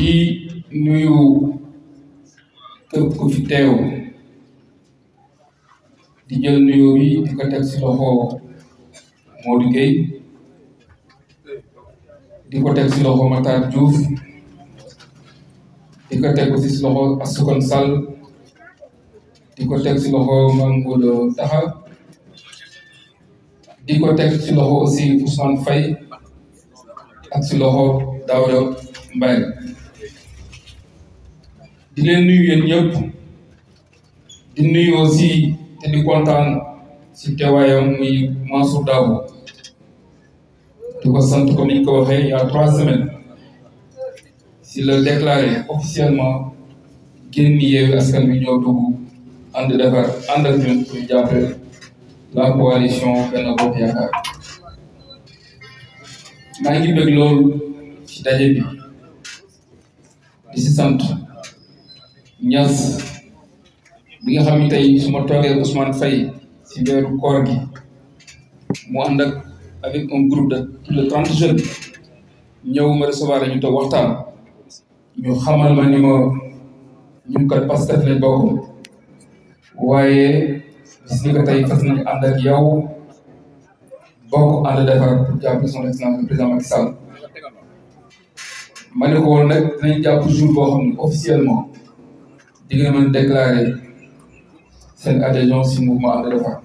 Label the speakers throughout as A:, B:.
A: di nuyu képp ku fi teew di jël nuyu bi di ko teg si loxo Modou di ko teg si loxo Matar Diouf di ko teg si loxo Assoukane Sall di ko teg si loxo Mangolo Taha di ko teg si loxo aussi Ousmane Faye ak si loxo Daouda Mbaye di nuyu yéen ñëpp di nuyu aussi te di kontaan si teewaayam muy Mansour Dabo di ko sant ko waxee il y a trois semaines si la déclaré officiellement génn Yewwi Askan Wi ñoo dugg defar ànd ak ñun pour jàppale la coalition Benno Bokk Yaakaar maa ngi bëgg loolu ci daje sant. Niass bi nga xam ne tey su ma toogee Ousmane Faye si weeru koor gi mu ànd ak avec un groupe de plus de trente jeunes ñëw ma recevoir ñu toog waxtaan ñu xamal ma ni ma ñun kat Pastef lañ bokk waaye bis ni ko tey fas nañu ànd bokk ànd defar pour jàpp son excellence le président Macky Sall ma ne ko woon nag dinañ jàpp boo xam officiellement di ngeen déclarer seen adhésion si mouvement And Defar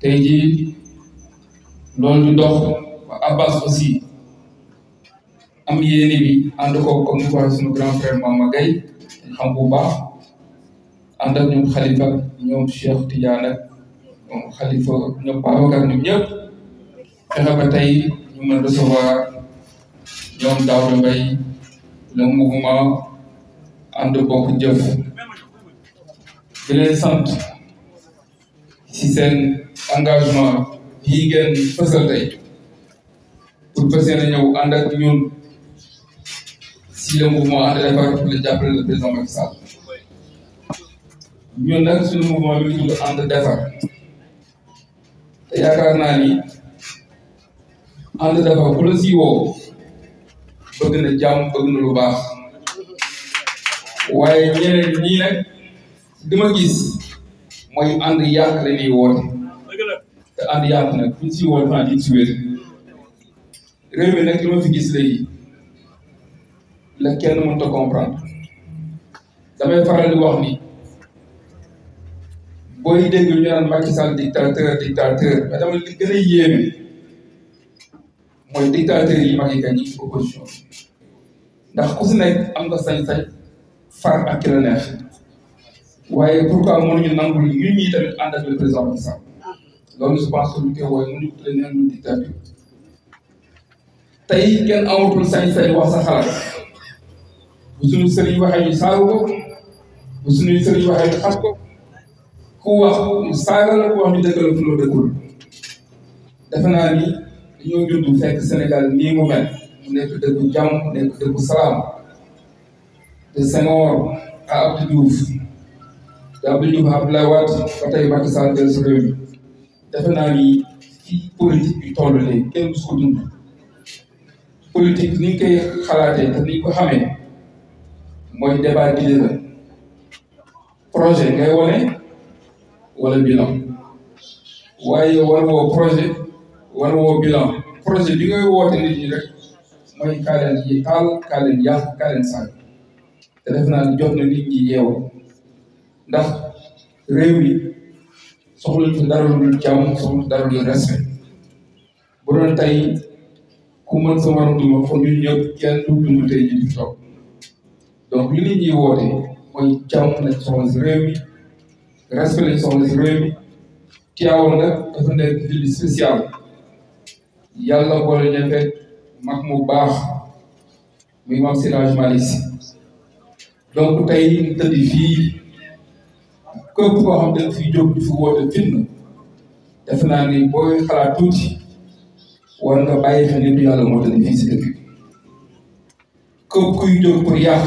A: tey jii loolu du dox ba Abbas aussi am yéene bi ànd ko comme ni ko waxee suñu grand frère Mama Gaye xam baax ànd ak ñoom Khalifa ñoom Cheikh Tidiane ak ñoom Khalifa ñoom ñëpp fexe ba tey ñu mën recevoir ñoom Daouda ànd bokk jëf di leen sant ci seen engagement yi ngeen fësal tey pour fas yéene ñëw ànd ak ñun si le mouvement ànd defar pour le jàppale le président ñun nag suñu mouvement bi ñu tudd defar te yaakaar naa ni ànd defar ku la siiwoo bëgg na jàmm bëgg na lu baax waaye ñeneen ñii nag li ma gis mooy ànd yàq la ñuy woote te ànd nag buñ si woote maa ngi si wér réew mi nag ma fi gis léegi la kenn mënut a comprendre damay faral di wax ni booy dégg ñu naan Macky Sall dictateur dictateur mais dama gën a yéeme mooy dictateur yi Macky Sall yi opposition ndax ku si am nga sañ-sañ. far ak ki neex waaye pourquoi mënuñu nangul ñun ñii tamit lu ñu koy woowee mënuñu ko leen neen dictature tey kenn amatul sañ bu suñu sëriñ waxee ñu saaru ko wax ñu saaga la wax ñu dëggal la dëggul defe naa ni dañoo fekk Sénégal nii mu mel mu nekk dëggu jàmm nekk dëggu salaam de Senghor à Abdou Diouf de Abdou Diouf Abdoulaye Wade ba tey Macky Sall del su réew mi defe naa ni fii politique bi toll léegi kenn ni ko xamee mooy débat d'idée la projet wone wala bilan waaye war woo projet war woo bilan projet bi ngay woote nit ñi rek mooy kaa leen yi kaa leen yàq kaa leen sànni te def naa jot na nit ñi yeewu ndax réew yi soxla fi dara lu jàmm soxla dara lu respect bu doon tey ku mën sa waroon du ma fa ñun ñëpp kenn du dund tey ñu di toog donc li nit ñi woote mooy jàmm lañ soxla si réew mi respect lañ soxla si réew mi Tiwaawan nag dafa nekk ville spéciale yàlla boole ñu fekk mag mu baax muy Maam Seydi Hadji Malick Sy donc tey ñu tëdd fii képp koo xam ne fii fi woote fitna def naa ni booy xalaat tuuti war nga bàyyi xel nit yàlla moo tëdd fii si dëkk bi képp kuy jóg pour yàq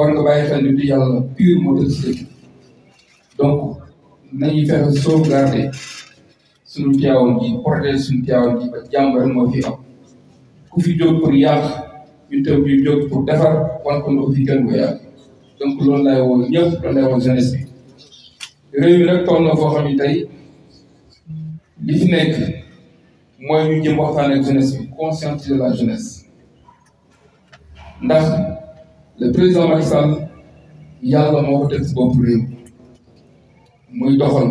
A: war nga bàyyi xel nit yàlla pur moo tëdd si dëkk donc nañu fexe sauvegarder suñu Tiwaawan ji protéger suñu Tiwaawan ji ba jàmm rek moo fi am ku fi jóg pour yàq. ñun tam ñu pour defar wan ko fi gën ko yàgg donc loolu laay ñëpp loolu laay woo bi réew mi nag toll na foo xam ne li fi mooy ñu jëm waxtaan ak jeunesse bi conscientiser la jeunesse ndax le président yàlla moo ko teg réew muy doxal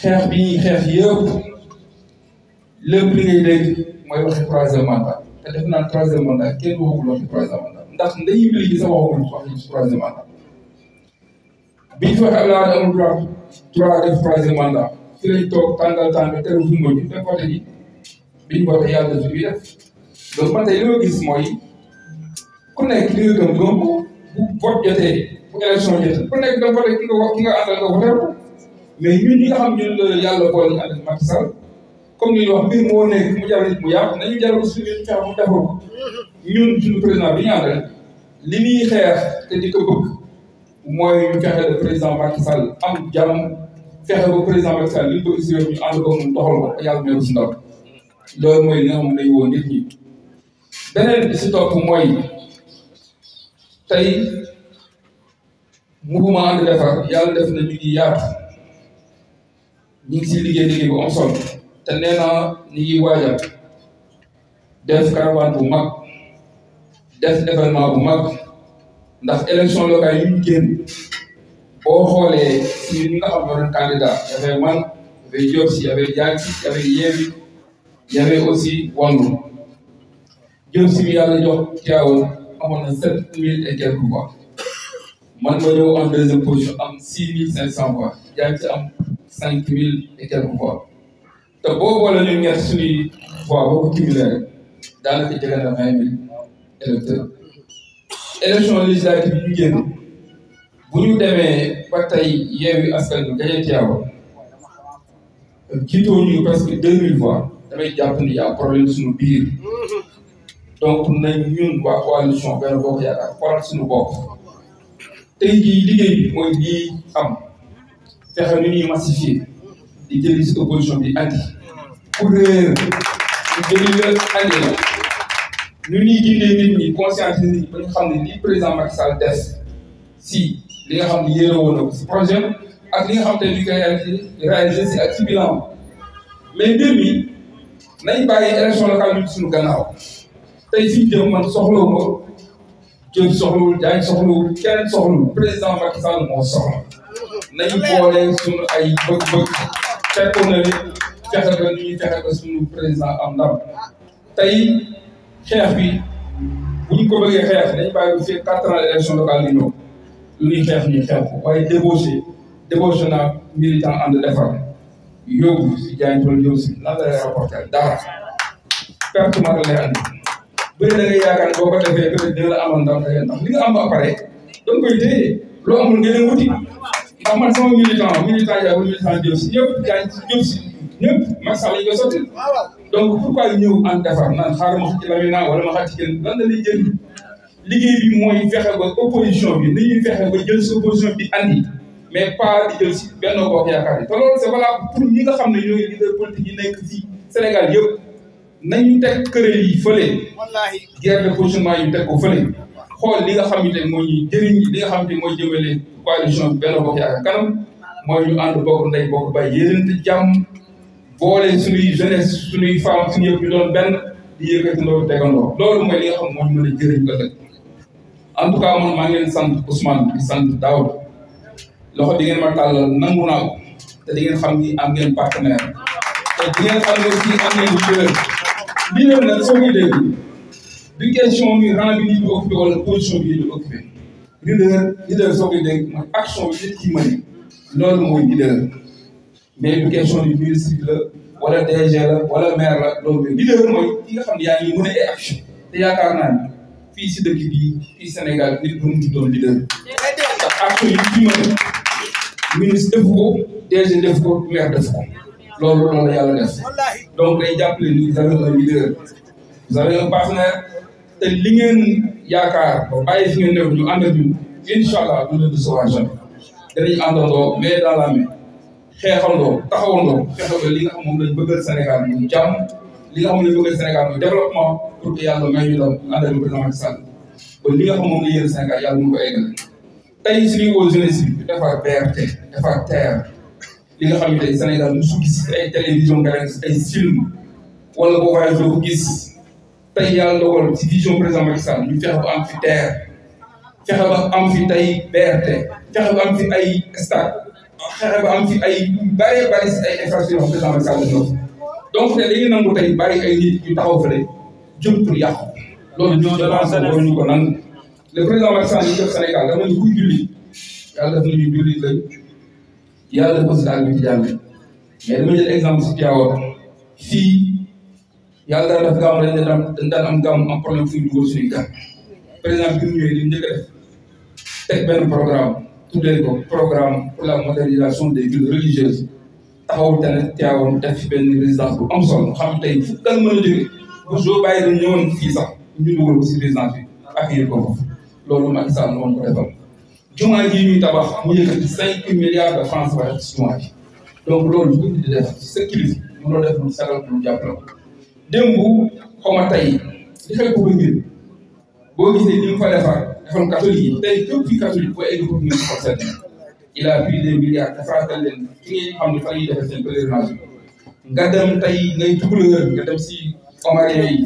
A: xeex bi xeex yëpp lépp li ngay mooy waxi troisième mandat te def naan troisième mandat kenn waxagul wax ci troisième mandat ndax ndeyu mbir yi sax waxagul wax ci troisième mandat biñ fexe Abdoulaye amul droit droit fi lañ toog tàngal tàngal teru fu mu ñu fekk woote ji biñ woote yàlla def li muy def donc man tey li ma gis mooy ku nekk li nga gëm gëm ko bu vote jotee élection jotee ku nekk da nga vote ki nga wax ki nga àndal nga la yàlla boole ñu ànd ak comme ni ñuy wax mbir moo nekk mu jaral mu yàqu nañu jaral suñu fexe mu defoo ko ñun suñu président bi ñu li ñuy xeex te di ko bëgg mooy ñu fexe le président Macky Sall am jàmm fexe ba président Macky Sall li ñu bëgg si réew ñu ànd ko mu doxal ko yàlla meeru si ndaw loolu def na ñu ngi yaatu ñu si liggéey liggéey bu am te nee na def caravane mag def événement bu mag ndax élection locale yi ñu génn boo xoolee si ñi nga xam ne doon candidat man y avait si y avait Diack y aussi Wallu Diop si yàlla jox Tivaouane amoon na sept mille et quelques man ma ñëw en deuxième am six mille cinq cent voix Diack am cinq mille et quelques te boo boole ñu ñett suñuy voix boo ko cumulé daanaka jege na vingt mille électeurs élection législative bi génn bu ñu demee ba tey Yewwi Askan Wi gañe Tivaouane jiitoo ñu presque deux mille voix damay jàpp ni y'a problème suñu biir donc nañ ñun waa coalition Benno Bokk Yaakaar xoolal suñu bopp tey jii liggéey bi mooy lii am fexe nu ñuy massifier si opposition bi andi ku réer ñu jëli la àndina ñu ñuy nit ñi conscientiser nit ñi ba ñu xam ne président Macky Sall si li nga xam ne yéene woon na ko si ak li nga xam te ni ñu koy réalisé mais mbir mi nañ bàyyi élection locale bi suñu gannaaw tey fi jëm man soxlawu ma jëm jaay soxlawul kenn soxlawul président Macky Sall moo soxla boole suñu ay bëgg-bëgg fekkoon na fexe ba ñuy président am ndam tey xeex bi bu ñu ko bëggee xeex dañ bàyyi bu fii quatre ans élection locale di ñëw lu xeex ñu xeex ko waaye débauché na militant ànd defar yóbbu si jaayintol yóbbu si la lay rapporté perte maa lay andi bu dee yaakaar boo ko defee peut être dina la amal ndam ndax li nga am ba pare doon koy téye loo amul nga leen wuti ndax man sama militant militant yaagul militant jëm si yëpp jaañ jëm ñëpp Macky Sall lañ koy sotti donc pourquoi ñëw an defar naan xaaral ma xëcc Lamine wala ma xëcc kenn lan la liggéey bi mooy fexe ba opposition bi ni ñuy fexe ba jël sa opposition bi andi mais pas di jël si Benno Bokk Yaakaar yi te loolu c'est valable pour xam ne ñooy leader politique yi nekk ci Sénégal yëpp nañu teg këral yi fële guerre de positionnement yu teg ko fële xool li nga xamante ne moo ñuy jëriñ li nga xamante ne mooy jëmale coalition Benno Bokk Yaakaar kanam mooy ñu ànd bokk ndey bokk bay yéenante jàmm boole suñuy jeunesse suñuy femme suñu yëpp ñu doon benn di yëkkati ndoo tegandoo loolu mooy li nga xam moo ñu mën a jëriñ ëllëg en tout cas man maa ngi leen sant Ousmane di sant Daoud loxo di ngeen ma tàllal nangu naa te di ngeen xam ni am partenaire te di ngeen xam ne aussi am ngeen jëlër lii leen nag soo du question ni rang bi nii di occupé wala position bi nii di occupé leader leader soo ngi action bi nit ki mën loolu mooy mais du question bi ministre la wala DG wala maire loolu la leader mooy ki nga xam ne yaa ngi mën a ay action te yaakaar naa ni fii si dëkk bii fii Sénégal nit bu mu doon leader ndax action yi fi mën ministre def ko DG def ko maire def loolu loolu la yàlla donc day ni vous avez un leader vous avez un partenaire yaakaar ba bàyyi fi ngeen nekk ñu ànd ak ñun incha allah di soxla jamais danañ àndandoo mais dans xeexandoo taxawandoo fexe li nga xam moom lañ Sénégal muy jàmm li nga xam ne lañ bëggal Sénégal muy développement pour que nga xam moom la yéen Sénégal yàlla mun ko eggale tey suñuy woo jeunesse bi Sénégal musu gis ay télévision nga gis ay film wala boo fexe ba am fi TER fexe ba am fi tey BRT fexe ba am fi ay stade xeex ba ay bëree si ay infraction la yàlla am gàmm am problème fu ñu dugal suñuy gàmm président bi mu ñëwee li mu njëkk a def teg benn programme tuddee ko programme pour la modernisation des villes religieuses taxaw tamit teewoon def fi benn résidence bu am solo xam tey fu kan mën a jógee bu soo bàyyi dañ ñëwoon fii sax ñu dugal ko si résidence bi accueillir ko foofu loolu Macky Sall moom ko defal jumaa ji ñuy tabax mu yëkkati cinq milliards de francs waaye si jumaa ji donc loolu bu ñu di def sa kilifa mu def lu sagal lu jàppale ko démb xaw ma tey li xew ko ba ngir boo gisee ni mu fa defar defal catholique yi tey képp fi catholique boo egg foofu ñu ko seet il plus de milliards defaatal leen fi ngeen xam ne fa la ñuy defee seen pèlerinage nga dem tey nga dem si Omarien yi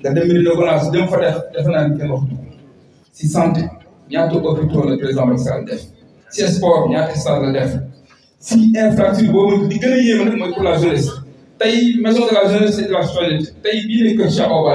A: nga dem Médina Gounass dem fa def defe naa ni si sant ñaata hôpitaux la président Macky Sall def si sport ñaata stade la def si infrastructure boobu di gën a yéeme nag mooy la jeunesse tey maison de la jeunesse et bii ne kër Cheikh Awa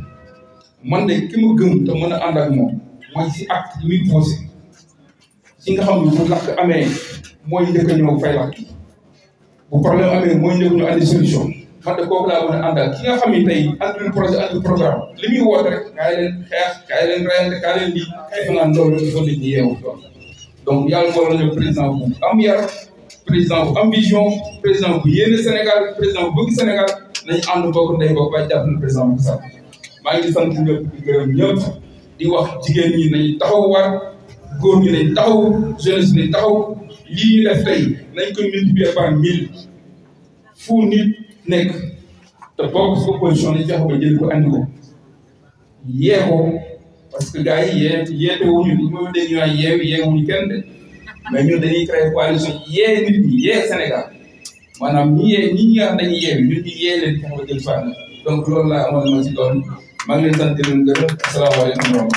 A: man de ki ma gëm te mën a ànd ak moom mooy si acte yi muy posé nga xam ne bu lakk amee mooy njëkk a ñëw fay lakk bu problème amee mooy njëkk ñu andi solution man de kooku laa mën ki nga xam ne tey andul projet andul programme li muy woote rek kaay leen xeex kaay leen reyante kaay leen di kaay fa naan loolu il faut président am yar président bu am vision président bu Sénégal président bu bëgg Sénégal nañu ànd bokk ndey bokk ba jàpp na président bu maa ngi sant ñëpp di gërëm di wax jigéen ñi nañ taxawaat góor ñi nañ taxaw jeunesse nañ taxaw lii ñu def tey nañ ko multiplier par mille fu nit nekk te bokk si opposition nañ ba jël ko andi parce que gars yi yee yeete wuñu li ma dégg ñu naan kenn de mais ñun dañuy créer coalition yee nit ñi yee Sénégal maanaam ñi yee ñi nga xam donc loolu laa amoon ma si doon. maa ngi leen di sant di leen gërëm asalaamaaleykum